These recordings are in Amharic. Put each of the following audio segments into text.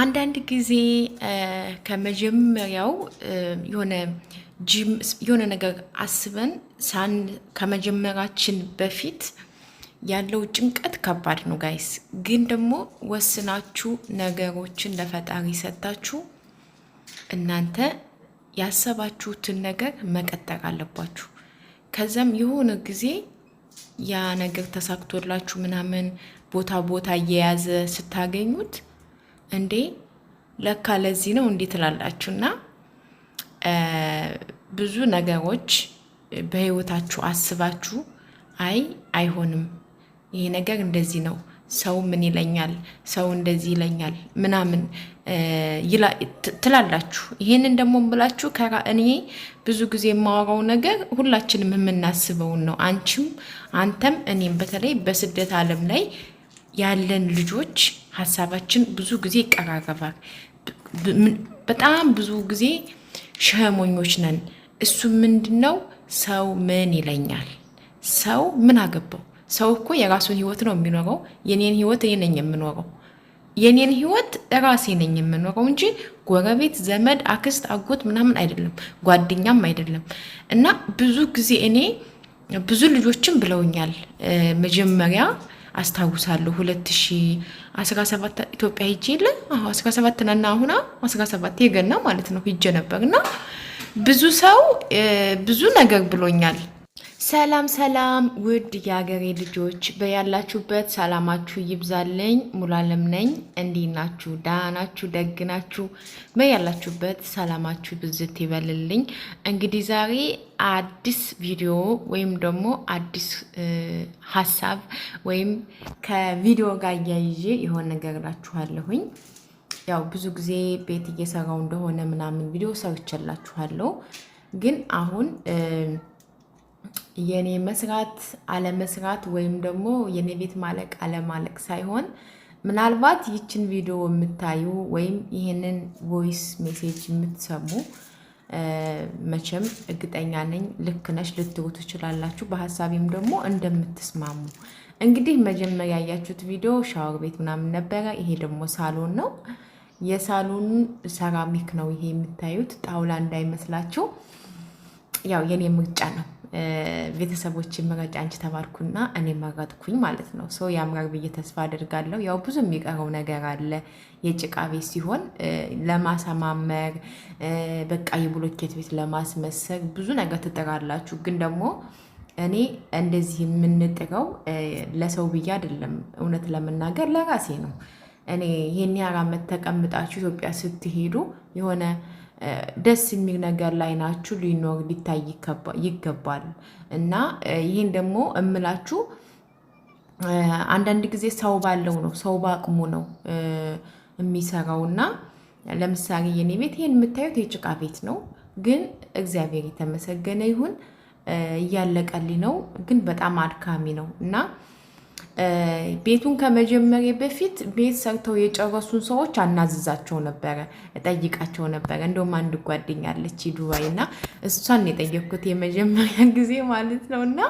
አንዳንድ ጊዜ ከመጀመሪያው የሆነ የሆነ ነገር አስበን ሳን ከመጀመራችን በፊት ያለው ጭንቀት ከባድ ነው ጋይስ። ግን ደግሞ ወስናችሁ ነገሮችን ለፈጣሪ ሰጥታችሁ እናንተ ያሰባችሁትን ነገር መቀጠር አለባችሁ። ከዚያም የሆነ ጊዜ ያ ነገር ተሳክቶላችሁ ምናምን ቦታ ቦታ እየያዘ ስታገኙት እንዴ ለካ ለዚህ ነው እንዴ እና ብዙ ነገሮች በህይወታችሁ አስባችሁ አይ አይሆንም፣ ይሄ ነገር እንደዚህ ነው፣ ሰው ምን ይለኛል፣ ሰው እንደዚህ ይለኛል ምናምን ትላላችሁ። ይህንን ደግሞ ብላችሁ ከራ እኔ ብዙ ጊዜ የማወራው ነገር ሁላችንም የምናስበውን ነው። አንቺም፣ አንተም፣ እኔም በተለይ በስደት ዓለም ላይ ያለን ልጆች ሀሳባችን ብዙ ጊዜ ይቀራረባል። በጣም ብዙ ጊዜ ሸሞኞች ነን። እሱ ምንድን ነው ሰው ምን ይለኛል፣ ሰው ምን አገባው፣ ሰው እኮ የራሱን ህይወት ነው የሚኖረው። የኔን ህይወት እኔ ነኝ የምኖረው። የኔን ህይወት ራሴ ነኝ የምኖረው እንጂ ጎረቤት፣ ዘመድ፣ አክስት፣ አጎት ምናምን አይደለም፣ ጓደኛም አይደለም። እና ብዙ ጊዜ እኔ ብዙ ልጆችም ብለውኛል መጀመሪያ አስታውሳለሁ። ሁለት ሺ አስራ ሰባት ኢትዮጵያ ሂጄ የለ አስራ ሰባት ነና አሁና አስራ ሰባት የገና ማለት ነው ሂጀ ነበር እና ብዙ ሰው ብዙ ነገር ብሎኛል። ሰላም ሰላም ውድ የሀገሬ ልጆች በያላችሁበት ሰላማችሁ ይብዛልኝ። ሙሉዓለም ነኝ። እንዲህ ናችሁ? ደህና ናችሁ? ደግ ናችሁ? በያላችሁበት ሰላማችሁ ብዝት ይበልልኝ። እንግዲህ ዛሬ አዲስ ቪዲዮ ወይም ደግሞ አዲስ ሀሳብ ወይም ከቪዲዮ ጋር እያይዤ የሆነ ነገር እላችኋለሁኝ። ያው ብዙ ጊዜ ቤት እየሰራው እንደሆነ ምናምን ቪዲዮ ሰርቼላችኋለሁ፣ ግን አሁን የኔ መስራት አለመስራት ወይም ደግሞ የኔ ቤት ማለቅ አለማለቅ ሳይሆን ምናልባት ይችን ቪዲዮ የምታዩ ወይም ይህንን ቮይስ ሜሴጅ የምትሰሙ መቼም እርግጠኛ ነኝ ልክ ነሽ ትችላላችሁ። በሀሳቢም ደግሞ እንደምትስማሙ እንግዲህ መጀመሪያ ያያችሁት ቪዲዮ ሻወር ቤት ምናምን ነበረ። ይሄ ደግሞ ሳሎን ነው። የሳሎን ሰራሚክ ነው ይሄ የምታዩት ጣውላ እንዳይመስላችሁ፣ ያው የኔ ምርጫ ነው። ቤተሰቦችን መረጫ አንቺ ተማርኩና እኔ መረጥኩኝ ማለት ነው። ሰው ያምራር ብዬ ተስፋ አድርጋለሁ። ያው ብዙ የሚቀረው ነገር አለ። የጭቃ ቤት ሲሆን ለማሰማመር በቃ የብሎኬት ቤት ለማስመሰር ብዙ ነገር ትጥራላችሁ። ግን ደግሞ እኔ እንደዚህ የምንጥረው ለሰው ብዬ አይደለም፣ እውነት ለመናገር ለራሴ ነው። እኔ ይህን ያህል ዓመት ተቀምጣችሁ ኢትዮጵያ ስትሄዱ የሆነ ደስ የሚል ነገር ላይ ናችሁ፣ ሊኖር ሊታይ ይገባል። እና ይህን ደግሞ እምላችሁ አንዳንድ ጊዜ ሰው ባለው ነው ሰው በአቅሙ ነው የሚሰራው። እና ለምሳሌ የኔ ቤት ይህን የምታዩት የጭቃ ቤት ነው፣ ግን እግዚአብሔር የተመሰገነ ይሁን እያለቀልኝ ነው፣ ግን በጣም አድካሚ ነው እና ቤቱን ከመጀመሪያ በፊት ቤት ሰርተው የጨረሱን ሰዎች አናዝዛቸው ነበረ፣ ጠይቃቸው ነበረ። እንደውም አንድ ጓደኛለች ዱባይ እና እሷን የጠየኩት የመጀመሪያ ጊዜ ማለት ነው እና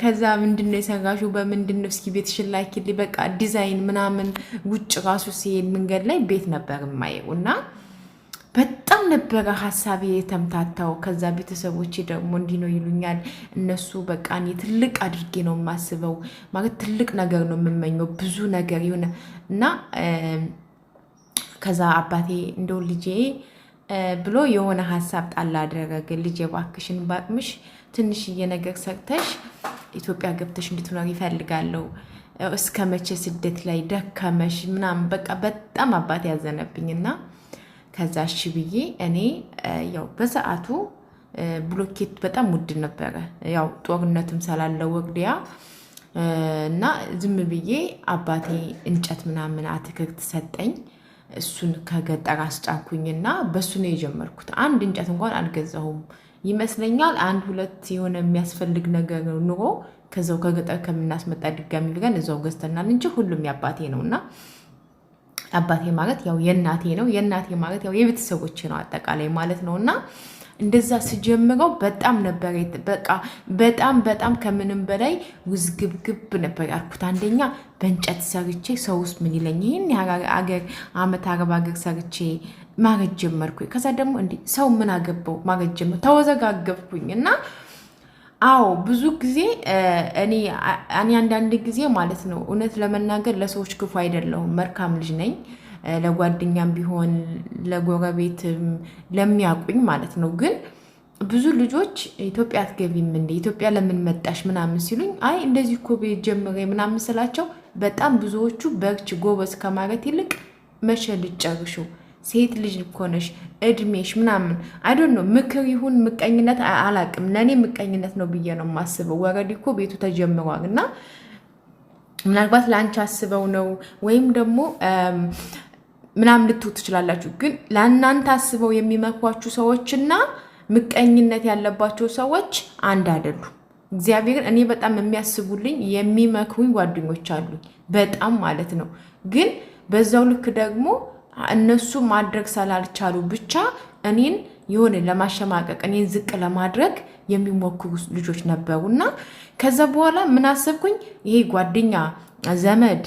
ከዛ ምንድን ነው የሰራሽው? በምንድን ነው እስኪ ቤት ሽላኪል በቃ ዲዛይን ምናምን ውጭ ራሱ ሲሄድ መንገድ ላይ ቤት ነበር የማየው እና በጣም ነበረ ሀሳቤ የተምታታው። ከዛ ቤተሰቦች ደግሞ እንዲህ ነው ይሉኛል። እነሱ በቃ እኔ ትልቅ አድርጌ ነው የማስበው፣ ማለት ትልቅ ነገር ነው የምመኘው፣ ብዙ ነገር የሆነ እና ከዛ አባቴ እንደው ልጄ ብሎ የሆነ ሀሳብ ጣል አደረገ። ልጄ እባክሽን ባቅምሽ ትንሽዬ ነገር ሰርተሽ ኢትዮጵያ ገብተሽ እንድትኖር ይፈልጋለሁ። እስከ መቼ ስደት ላይ ደከመሽ ምናምን፣ በቃ በጣም አባቴ ያዘነብኝና ከዛ እሺ ብዬ እኔ ያው በሰዓቱ ብሎኬት በጣም ውድ ነበረ። ያው ጦርነትም ስላለ ወግዲያ እና ዝም ብዬ አባቴ እንጨት ምናምን አትክልት ሰጠኝ። እሱን ከገጠር አስጫንኩኝና በሱ ነው የጀመርኩት። አንድ እንጨት እንኳን አልገዛሁም ይመስለኛል። አንድ ሁለት የሆነ የሚያስፈልግ ነገር ኑሮ ከዛው ከገጠር ከምናስመጣ ድጋሚ ብለን እዛው ገዝተናል እንጂ ሁሉም ያባቴ ነው እና አባቴ ማለት ያው የእናቴ ነው፣ የእናቴ ማለት ያው የቤተሰቦች ነው አጠቃላይ ማለት ነው እና እንደዛ ስጀምረው በጣም ነበር በቃ በጣም በጣም ከምንም በላይ ውዝግብግብ ነበር ያልኩት። አንደኛ በእንጨት ሰርቼ ሰው ውስጥ ምን ይለኝ? ይህን አገር አመት አረብ አገር ሰርቼ ማረት ጀመርኩኝ። ከዛ ደግሞ እንዲህ ሰው ምን አገባው ማረት ጀመር ተወዘጋገብኩኝ እና አዎ ብዙ ጊዜ እኔ እኔ አንዳንድ ጊዜ ማለት ነው እውነት ለመናገር ለሰዎች ክፉ አይደለሁም፣ መልካም ልጅ ነኝ። ለጓደኛም ቢሆን ለጎረቤትም፣ ለሚያውቁኝ ማለት ነው። ግን ብዙ ልጆች ኢትዮጵያ አትገቢም እንዴ ኢትዮጵያ ለምን መጣሽ ምናምን ሲሉኝ፣ አይ እንደዚህ እኮ ቤት ጀምሬ ምናምን ስላቸው በጣም ብዙዎቹ በርቺ ጎበዝ ከማለት ይልቅ መቼ ልጨርሺው ሴት ልጅ እኮ ነሽ እድሜሽ ምናምን አይዶን ነው ምክር ይሁን ምቀኝነት አላቅም። ለእኔ ምቀኝነት ነው ብዬ ነው የማስበው። ወረድ እኮ ቤቱ ተጀምሯል እና ምናልባት ለአንቺ አስበው ነው ወይም ደግሞ ምናምን ልትው ትችላላችሁ። ግን ለእናንተ አስበው የሚመክሯችሁ ሰዎችና ምቀኝነት ያለባቸው ሰዎች አንድ አይደሉም። እግዚአብሔርን እኔ በጣም የሚያስቡልኝ የሚመክሩኝ ጓደኞች አሉኝ፣ በጣም ማለት ነው። ግን በዛው ልክ ደግሞ እነሱ ማድረግ ስላልቻሉ ብቻ እኔን የሆነ ለማሸማቀቅ እኔን ዝቅ ለማድረግ የሚሞክሩ ልጆች ነበሩና ከዛ በኋላ ምን አሰብኩኝ፣ ይሄ ጓደኛ ዘመድ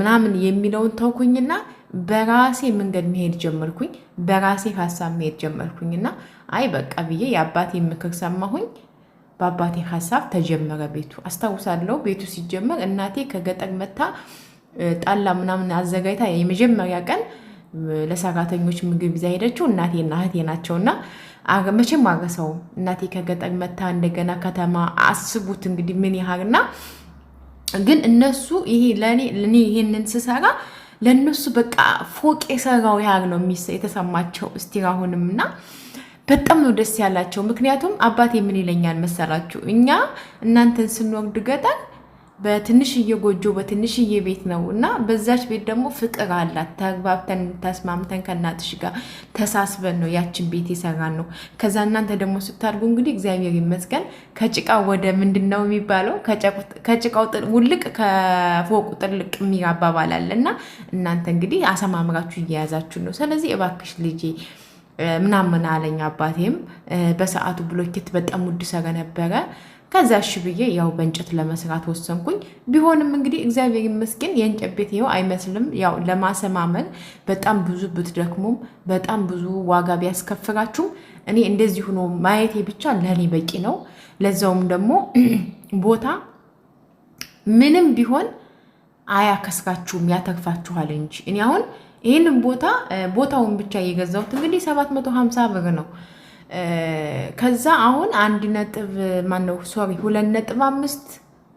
ምናምን የሚለውን ተውኩኝና በራሴ መንገድ መሄድ ጀመርኩኝ። በራሴ ሀሳብ መሄድ ጀመርኩኝና አይ በቃ ብዬ የአባቴ ምክር ሰማሁኝ። በአባቴ ሀሳብ ተጀመረ ቤቱ። አስታውሳለሁ ቤቱ ሲጀመር እናቴ ከገጠር መታ ጣላ ምናምን አዘጋጅታ የመጀመሪያ ቀን ለሰራተኞች ምግብ ይዛ ሄደችው እናቴና እህቴ ናቸውና መቼም አረሰውም። እናቴ ከገጠር መታ እንደገና ከተማ አስቡት እንግዲህ ምን ያህልና ግን እነሱ ይሄ ለእኔ እኔ ይሄንን ስሰራ ለእነሱ በቃ ፎቅ የሰራው ያህል ነው የተሰማቸው። እስቲ አሁንም እና በጣም ነው ደስ ያላቸው። ምክንያቱም አባቴ ምን ይለኛል መሰላችሁ እኛ እናንተን ስንወግድ ገጠር በትንሽዬ ጎጆ በትንሽዬ ቤት ነው እና በዛች ቤት ደግሞ ፍቅር አላት። ተግባብተን ተስማምተን ከእናትሽ ጋር ተሳስበን ነው ያችን ቤት የሰራን ነው። ከዛ እናንተ ደግሞ ስታድጉ እንግዲህ እግዚአብሔር ይመስገን ከጭቃ ወደ ምንድን ነው የሚባለው ከጭቃው ውልቅ ከፎቁ ጥልቅ የሚል አባባል አለ እና እናንተ እንግዲህ አሰማምራችሁ እየያዛችሁ ነው። ስለዚህ እባክሽ ልጄ ምናምን አለኝ አባቴም በሰዓቱ ብሎኬት በጣም ውድ ሰረ ነበረ ከዛ እሺ ብዬ ያው በእንጨት ለመስራት ወሰንኩኝ። ቢሆንም እንግዲህ እግዚአብሔር ይመስገን የእንጨት ቤት ይኸው አይመስልም። ያው ለማሰማመን በጣም ብዙ ብትደክሙም በጣም ብዙ ዋጋ ቢያስከፍራችሁም እኔ እንደዚህ ሆኖ ማየቴ ብቻ ለእኔ በቂ ነው። ለዛውም ደግሞ ቦታ ምንም ቢሆን አያከስራችሁም፣ ያተርፋችኋል እንጂ እኔ አሁን ይህንን ቦታ ቦታውን ብቻ የገዛሁት እንግዲህ 750 ብር ነው። ከዛ አሁን አንድ ነጥብ ማነው ሶሪ ሁለት ነጥብ አምስት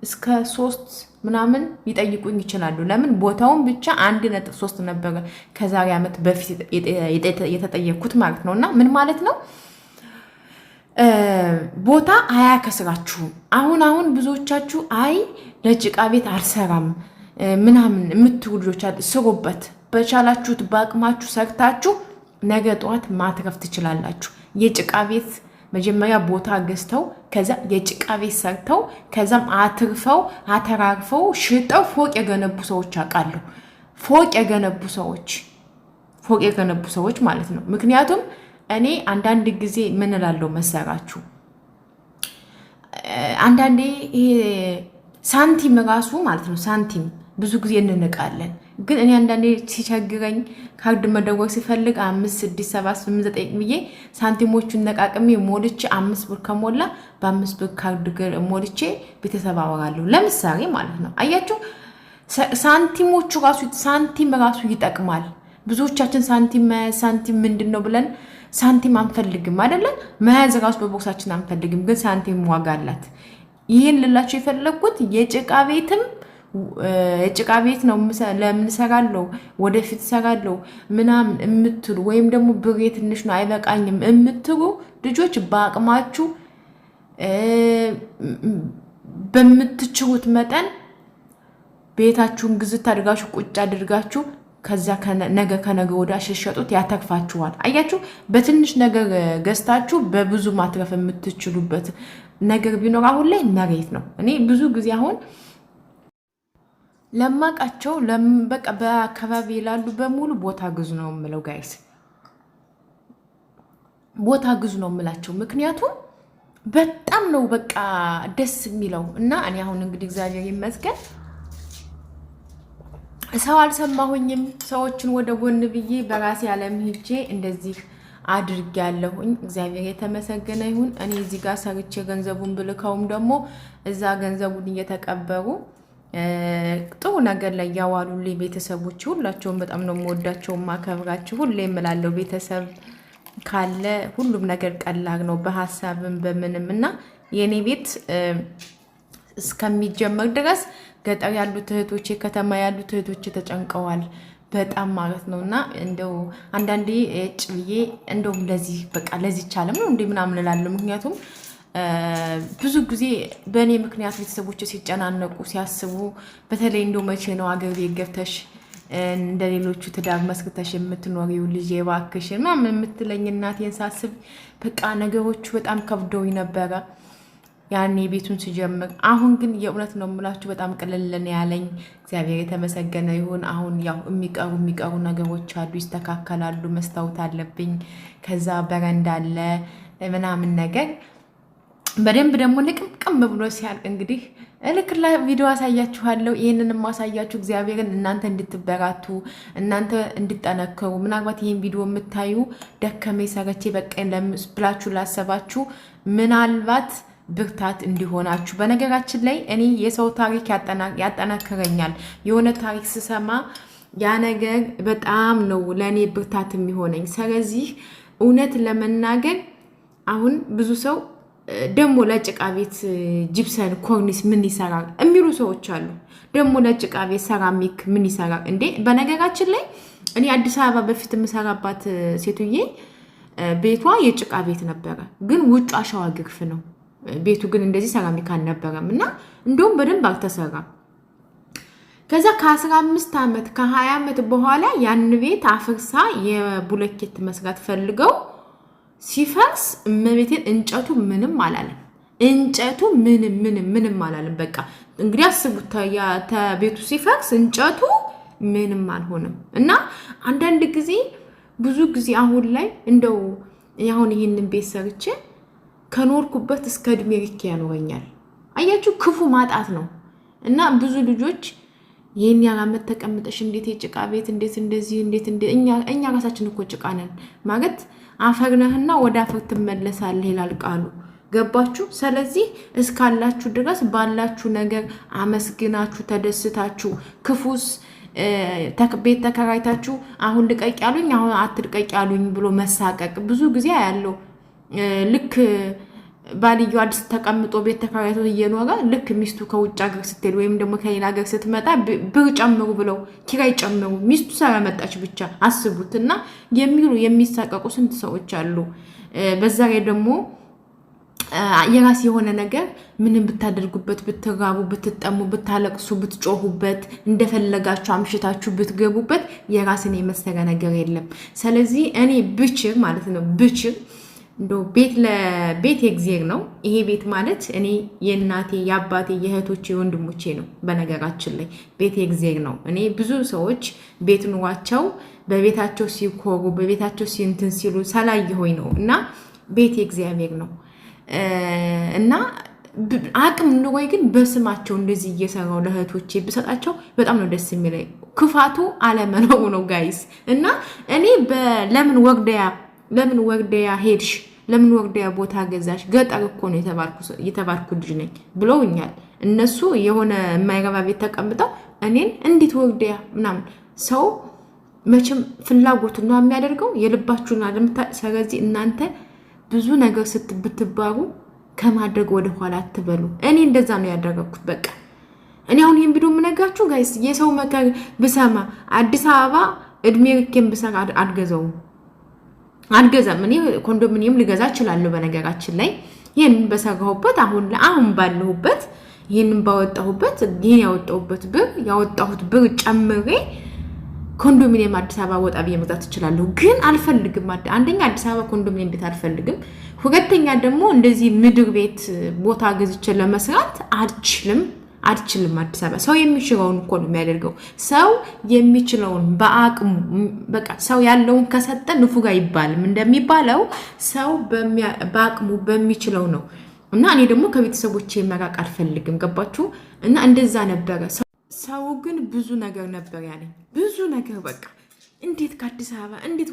እስከ ሶስት ምናምን ሊጠይቁኝ ይችላሉ። ለምን ቦታውን ብቻ አንድ ነጥብ ሶስት ነበረ ከዛሬ ዓመት በፊት የተጠየቅኩት ማለት ነው። እና ምን ማለት ነው ቦታ አያከስራችሁም። አሁን አሁን ብዙዎቻችሁ አይ ለጭቃ ቤት አልሰራም ምናምን የምትሉ ልጆች ስሩበት፣ በቻላችሁት በአቅማችሁ ሰርታችሁ ነገ ጠዋት ማትረፍ ትችላላችሁ። የጭቃ ቤት መጀመሪያ ቦታ ገዝተው ከዛ የጭቃ ቤት ሰርተው ከዛም አትርፈው አተራርፈው ሽጠው ፎቅ የገነቡ ሰዎች አውቃለሁ። ፎቅ የገነቡ ሰዎች ፎቅ የገነቡ ሰዎች ማለት ነው። ምክንያቱም እኔ አንዳንድ ጊዜ ምን እላለሁ መሰራችሁ፣ አንዳንዴ ሳንቲም ራሱ ማለት ነው ሳንቲም ብዙ ጊዜ እንንቃለን። ግን እኔ አንዳንዴ ሲቸግረኝ ካርድ መደወቅ ሲፈልግ አምስት ስድስት ሰባት ስምንት ዘጠኝ ብዬ ሳንቲሞቹን ነቃቅሜ ሞልቼ አምስት ብር ከሞላ በአምስት ብር ካርድ ሞልቼ ቤተሰብ አወራለሁ። ለምሳሌ ማለት ነው። አያችሁ ሳንቲሞቹ ራሱ ሳንቲም ራሱ ይጠቅማል። ብዙዎቻችን ሳንቲም መያዝ ሳንቲም ምንድን ነው ብለን ሳንቲም አንፈልግም አይደለም። መያዝ ራሱ በቦክሳችን አንፈልግም፣ ግን ሳንቲም ዋጋ አላት። ይህን ልላቸው የፈለግኩት የጭቃ ቤትም ጭቃ ቤት ነው ለምን እሰራለሁ፣ ወደፊት እሰራለሁ ምናምን የምትሉ ወይም ደግሞ ብሬ ትንሽ ነው አይበቃኝም የምትሉ ልጆች በአቅማችሁ በምትችሉት መጠን ቤታችሁን ግዝት አድርጋችሁ ቁጭ አድርጋችሁ ከዛ ነገ ከነገ ወዲያ ሸሸጡት ያተርፋችኋል። አያችሁ፣ በትንሽ ነገር ገዝታችሁ በብዙ ማትረፍ የምትችሉበት ነገር ቢኖር አሁን ላይ መሬት ነው። እኔ ብዙ ጊዜ አሁን ለማቃቸው በቃ በአካባቢ ላሉ በሙሉ ቦታ ግዙ ነው የምለው። ጋይስ ቦታ ግዙ ነው የምላቸው፣ ምክንያቱም በጣም ነው በቃ ደስ የሚለው እና እኔ አሁን እንግዲህ እግዚአብሔር ይመስገን ሰው አልሰማሁኝም። ሰዎችን ወደ ጎን ብዬ በራሴ ዓለም ሄጄ እንደዚህ አድርግ ያለሁኝ እግዚአብሔር የተመሰገነ ይሁን። እኔ እዚህ ጋር ሰርቼ ገንዘቡን ብልከውም ደግሞ እዛ ገንዘቡን እየተቀበሩ ጥሩ ነገር ላይ ያዋሉልኝ ቤተሰቦች ሁላቸውም በጣም ነው የምወዳቸው ማከብራቸው። ሁሌ የምላለው ቤተሰብ ካለ ሁሉም ነገር ቀላል ነው፣ በሀሳብም በምንም እና የእኔ ቤት እስከሚጀመር ድረስ ገጠር ያሉት እህቶቼ፣ ከተማ ያሉት እህቶቼ ተጨንቀዋል በጣም ማለት ነው። እና እንደው አንዳንዴ ጭብዬ እንደውም ለዚህ በቃ ለዚህ ቻለም ነው እንደ ምናምን እላለሁ ምክንያቱም ብዙ ጊዜ በእኔ ምክንያት ቤተሰቦች ሲጨናነቁ ሲያስቡ፣ በተለይ እንደው መቼ ነው አገር ገብተሽ እንደ ሌሎቹ ትዳር መስክተሽ የምትኖሪው ልጅ የባክሽ ምናምን የምትለኝ እናቴን ሳስብ በቃ ነገሮቹ በጣም ከብደው ነበረ ያኔ ቤቱን ስጀምር። አሁን ግን የእውነት ነው የምላችሁ በጣም ቅልልን ያለኝ እግዚአብሔር የተመሰገነ ይሁን። አሁን ያው የሚቀሩ የሚቀሩ ነገሮች አሉ፣ ይስተካከላሉ። መስታወት አለብኝ፣ ከዛ በረንዳ አለ ምናምን ነገር በደንብ ደግሞ ንቅምቅም ብሎ ሲያልቅ እንግዲህ ልክ ቪዲዮ አሳያችኋለሁ። ይህንን ማሳያችሁ እግዚአብሔርን እናንተ እንድትበራቱ እናንተ እንድጠነከሩ ምናልባት ይህን ቪዲዮ የምታዩ ደከሜ ሰረቼ በቀኝ ብላችሁ ላሰባችሁ ምናልባት ብርታት እንዲሆናችሁ። በነገራችን ላይ እኔ የሰው ታሪክ ያጠናክረኛል። የሆነ ታሪክ ስሰማ ያ ነገር በጣም ነው ለእኔ ብርታት የሚሆነኝ። ስለዚህ እውነት ለመናገር አሁን ብዙ ሰው ደግሞ ለጭቃ ቤት ጅብሰን ኮርኒስ ምን ይሰራል የሚሉ ሰዎች አሉ። ደግሞ ለጭቃ ቤት ሰራሚክ ምን ይሰራል እንዴ? በነገራችን ላይ እኔ አዲስ አበባ በፊት የምሰራባት ሴትዬ ቤቷ የጭቃ ቤት ነበረ፣ ግን ውጭ አሸዋ ግርፍ ነው። ቤቱ ግን እንደዚህ ሰራሚክ አልነበረም እና እንደውም በደንብ አልተሰራም። ከዛ ከ15 ዓመት ከ20 ዓመት በኋላ ያን ቤት አፍርሳ የቡለኬት መስራት ፈልገው ሲፈርስ እመቤቴን እንጨቱ ምንም አላለም። እንጨቱ ምንም ምንም ምንም አላለም። በቃ እንግዲህ አስቡት፣ ተቤቱ ሲፈርስ እንጨቱ ምንም አልሆንም እና አንዳንድ ጊዜ ብዙ ጊዜ አሁን ላይ እንደው አሁን ይህንን ቤት ሰርቼ ከኖርኩበት እስከ እድሜ ልክ ያኖረኛል። አያችሁ፣ ክፉ ማጣት ነው እና ብዙ ልጆች ይህን ያላመት ተቀምጠሽ እንዴት የጭቃ ቤት እንዴት እንደዚህ እንዴት እኛ ራሳችን እኮ ጭቃ ነን ማለት አፈግነህና ወደ አፈግ ትመለሳለህ ይላል ቃሉ። ገባችሁ? ስለዚህ እስካላችሁ ድረስ ባላችሁ ነገር አመስግናችሁ ተደስታችሁ ክፉስ ቤት ተከራይታችሁ አሁን ልቀቅ ያሉኝ አሁን አትልቀቅ ያሉኝ ብሎ መሳቀቅ ብዙ ጊዜ ያለው ልክ ባልየው አዲስ ተቀምጦ ቤት ተከራይቶ እየኖረ ልክ ሚስቱ ከውጭ ሀገር ስትሄድ ወይም ደግሞ ከሌላ ሀገር ስትመጣ ብር ጨምሩ ብለው ኪራይ ጨምሩ ሚስቱ መጣች ብቻ አስቡት እና የሚሉ የሚሳቀቁ ስንት ሰዎች አሉ። በዛ ላይ ደግሞ የራስ የሆነ ነገር ምንም ብታደርጉበት ብትራቡ፣ ብትጠሙ፣ ብታለቅሱ፣ ብትጮሁበት፣ እንደፈለጋችሁ አምሽታችሁ ብትገቡበት የራስን የመሰለ ነገር የለም። ስለዚህ እኔ ብችር ማለት ነው ብችር እንዶ ቤት ለቤት የእግዚአብሔር ነው። ይሄ ቤት ማለት እኔ የእናቴ የአባቴ የእህቶቼ የወንድሞቼ ነው። በነገራችን ላይ ቤት የእግዚአብሔር ነው። እኔ ብዙ ሰዎች ቤት ኑሯቸው በቤታቸው ሲኮሩ በቤታቸው ሲንትን ሲሉ ሰላይ ሆይ ነው እና ቤት የእግዚአብሔር ነው እና አቅም ኑሮይ ግን በስማቸው እንደዚህ እየሰራው ለእህቶቼ ብሰጣቸው በጣም ነው ደስ የሚለኝ። ክፋቱ አለመኖሩ ነው ጋይስ። እና እኔ ለምን ወግደያ ለምን ወግደያ ሄድሽ ለምን ወግዲያ ቦታ ገዛሽ? ገጠር እኮ ነው የተባርኩ ልጅ ነኝ ብለውኛል። እነሱ የሆነ የማይገባ ቤት ተቀምጠው እኔን እንዴት ወግዲያ ምናምን። ሰው መቼም ፍላጎቱን ነው የሚያደርገው የልባችሁን አለምታ። ስለዚህ እናንተ ብዙ ነገር ስትብትባሩ ከማድረግ ወደኋላ አትበሉ። እኔ እንደዛ ነው ያደረግኩት። በቃ እኔ አሁን ይህን ቪዲዮ የምነግራችሁ ጋይስ የሰው መከር ብሰማ አዲስ አበባ እድሜ ልኬን ብሰራ አልገዛውም። አልገዛም። እኔ ኮንዶሚኒየም ልገዛ እችላለሁ። በነገራችን ላይ ይህንን በሰራሁበት አሁን ለአሁን ባለሁበት ይህንን ባወጣሁበት ይህን ያወጣሁበት ብር ያወጣሁት ብር ጨምሬ ኮንዶሚኒየም አዲስ አበባ ወጣ ብዬ መግዛት እችላለሁ። ግን አልፈልግም። አንደኛ አዲስ አበባ ኮንዶሚኒየም ቤት አልፈልግም። ሁለተኛ ደግሞ እንደዚህ ምድር ቤት ቦታ ገዝቼ ለመስራት አልችልም። አልችልም። አዲስ አበባ ሰው የሚችለውን እኮ ነው የሚያደርገው። ሰው የሚችለውን በአቅሙ በቃ ሰው ያለውን ከሰጠ ንፉግ አይባልም እንደሚባለው ሰው በአቅሙ በሚችለው ነው። እና እኔ ደግሞ ከቤተሰቦች መራቅ አልፈልግም። ገባችሁ? እና እንደዛ ነበረ። ሰው ግን ብዙ ነገር ነበር ያለኝ ብዙ ነገር በቃ እንዴት ከአዲስ አበባ እንዴት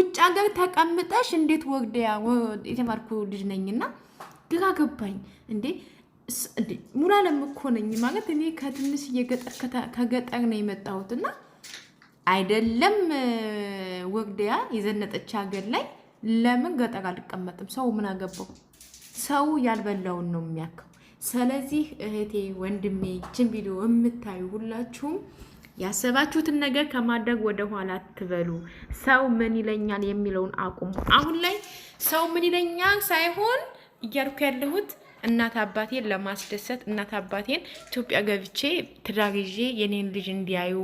ውጭ ሀገር ተቀምጠሽ እንዴት ወርደ የተማርኩ ልጅ ነኝና ግራ ገባኝ እንዴ ሙሉዓለም እኮ ነኝ ማለት እኔ ከትንሽ ከገጠር ነው የመጣሁት እና አይደለም ወግዲያ የዘነጠች ሀገር ላይ ለምን ገጠር አልቀመጥም? ሰው ምን አገባው? ሰው ያልበላውን ነው የሚያከው። ስለዚህ እህቴ ወንድሜ፣ ይችን ቪዲዮ የምታዩ ሁላችሁም ያሰባችሁትን ነገር ከማድረግ ወደ ኋላ አትበሉ። ሰው ምን ይለኛል የሚለውን አቁሙ። አሁን ላይ ሰው ምን ይለኛል ሳይሆን እያልኩ ያለሁት እናት አባቴን ለማስደሰት እናት አባቴን ኢትዮጵያ ገብቼ ትዳር ይዤ የኔን ልጅ እንዲያዩ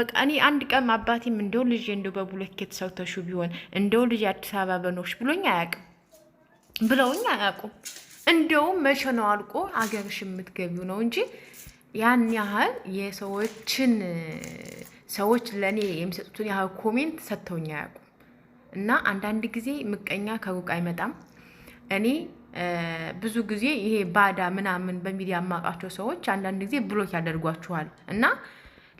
በቃ እኔ አንድ ቀን አባቴም እንደው ልጅ እንደው በቡለኬት ሰው ተሹ ቢሆን እንደው ልጅ አዲስ አበባ በኖርሽ ብሎኝ አያውቅም ብለውኝ አያውቁም። እንደውም መቼ ነው አልቆ አገርሽ የምትገቢው ነው እንጂ ያን ያህል የሰዎችን ሰዎች ለእኔ የሚሰጡትን ያህል ኮሜንት ሰጥተውኝ አያውቁም። እና አንዳንድ ጊዜ ምቀኛ ከሩቅ አይመጣም። እኔ ብዙ ጊዜ ይሄ ባዳ ምናምን በሚዲያ ያማቃቸው ሰዎች አንዳንድ ጊዜ ብሎክ ያደርጓችኋል እና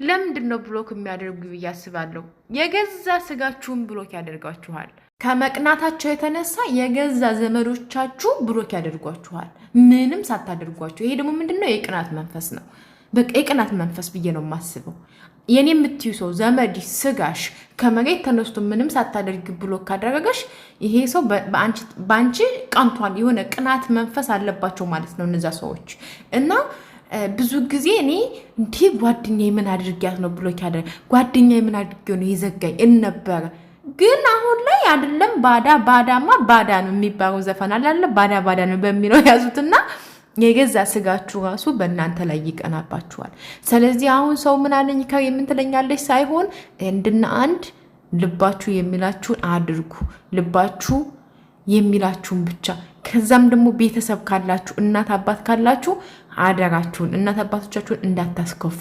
ለምንድን ነው ብሎክ የሚያደርጉ ብዬ አስባለሁ። የገዛ ስጋችሁን ብሎክ ያደርጓችኋል። ከመቅናታቸው የተነሳ የገዛ ዘመዶቻችሁ ብሎክ ያደርጓችኋል፣ ምንም ሳታደርጓችሁ። ይሄ ደግሞ ምንድን ነው? የቅናት መንፈስ ነው። በቃ የቅናት መንፈስ ብዬ ነው የማስበው። የኔ የምትዩ ሰው ዘመድ ስጋሽ ከመሬት ተነስቶ ምንም ሳታደርግ ብሎ ካደረገሽ ይሄ ሰው በአንቺ ቀንቷል። የሆነ ቅናት መንፈስ አለባቸው ማለት ነው እነዛ ሰዎች እና ብዙ ጊዜ እኔ እንዲህ ጓደኛ ምን አድርጊያት ነው ብሎ ያደ ጓደኛ ምን አድርጊ ነው የዘጋኝ እነበረ። ግን አሁን ላይ አይደለም ባዳ ባዳማ ባዳ ነው የሚባለው ዘፈን አላለ ባዳ ባዳ ነው በሚለው ያዙትና የገዛ ስጋችሁ ራሱ በእናንተ ላይ ይቀናባችኋል። ስለዚህ አሁን ሰው ምን አለኝ ከ የምንትለኛለች ሳይሆን እንድና አንድ ልባችሁ የሚላችሁን አድርጉ። ልባችሁ የሚላችሁን ብቻ። ከዛም ደግሞ ቤተሰብ ካላችሁ እናት አባት ካላችሁ አደራችሁን እናት አባቶቻችሁን እንዳታስከፉ።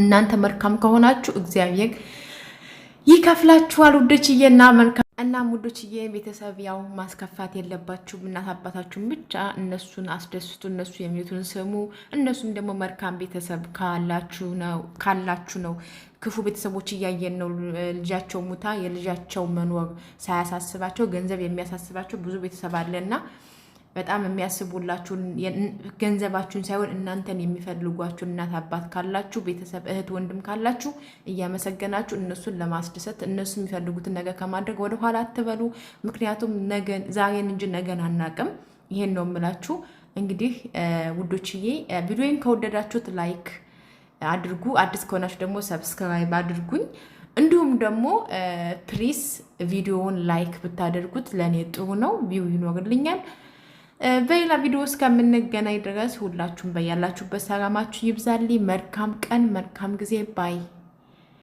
እናንተ መልካም ከሆናችሁ እግዚአብሔር ይከፍላችኋል። ውዶችዬና መልካም እና ሙዶችዬ ቤተሰብ ያው ማስከፋት የለባችሁም። እናት አባታችሁም ብቻ እነሱን አስደስቱ፣ እነሱ የሚሉትን ስሙ። እነሱም ደግሞ መልካም ቤተሰብ ካላችሁ ነው። ክፉ ቤተሰቦች እያየን ነው። ልጃቸው ሙታ የልጃቸው መኖር ሳያሳስባቸው ገንዘብ የሚያሳስባቸው ብዙ ቤተሰብ አለና በጣም የሚያስቡላችሁን ገንዘባችሁን ሳይሆን እናንተን የሚፈልጓችሁ እናት አባት ካላችሁ፣ ቤተሰብ እህት ወንድም ካላችሁ እያመሰገናችሁ እነሱን ለማስደሰት እነሱ የሚፈልጉትን ነገር ከማድረግ ወደኋላ አትበሉ። ምክንያቱም ዛሬን እንጂ ነገን አናቅም። ይሄን ነው የምላችሁ። እንግዲህ ውዶችዬ ቪዲዮን ከወደዳችሁት ላይክ አድርጉ። አዲስ ከሆናችሁ ደግሞ ሰብስክራይብ አድርጉኝ። እንዲሁም ደግሞ ፕሊስ ቪዲዮውን ላይክ ብታደርጉት ለእኔ ጥሩ ነው፣ ቪው ይኖርልኛል። በሌላ ቪዲዮ እስከምንገናኝ ድረስ ሁላችሁም በያላችሁበት ሰላማችሁ ይብዛልኝ። መልካም ቀን፣ መልካም ጊዜ። ባይ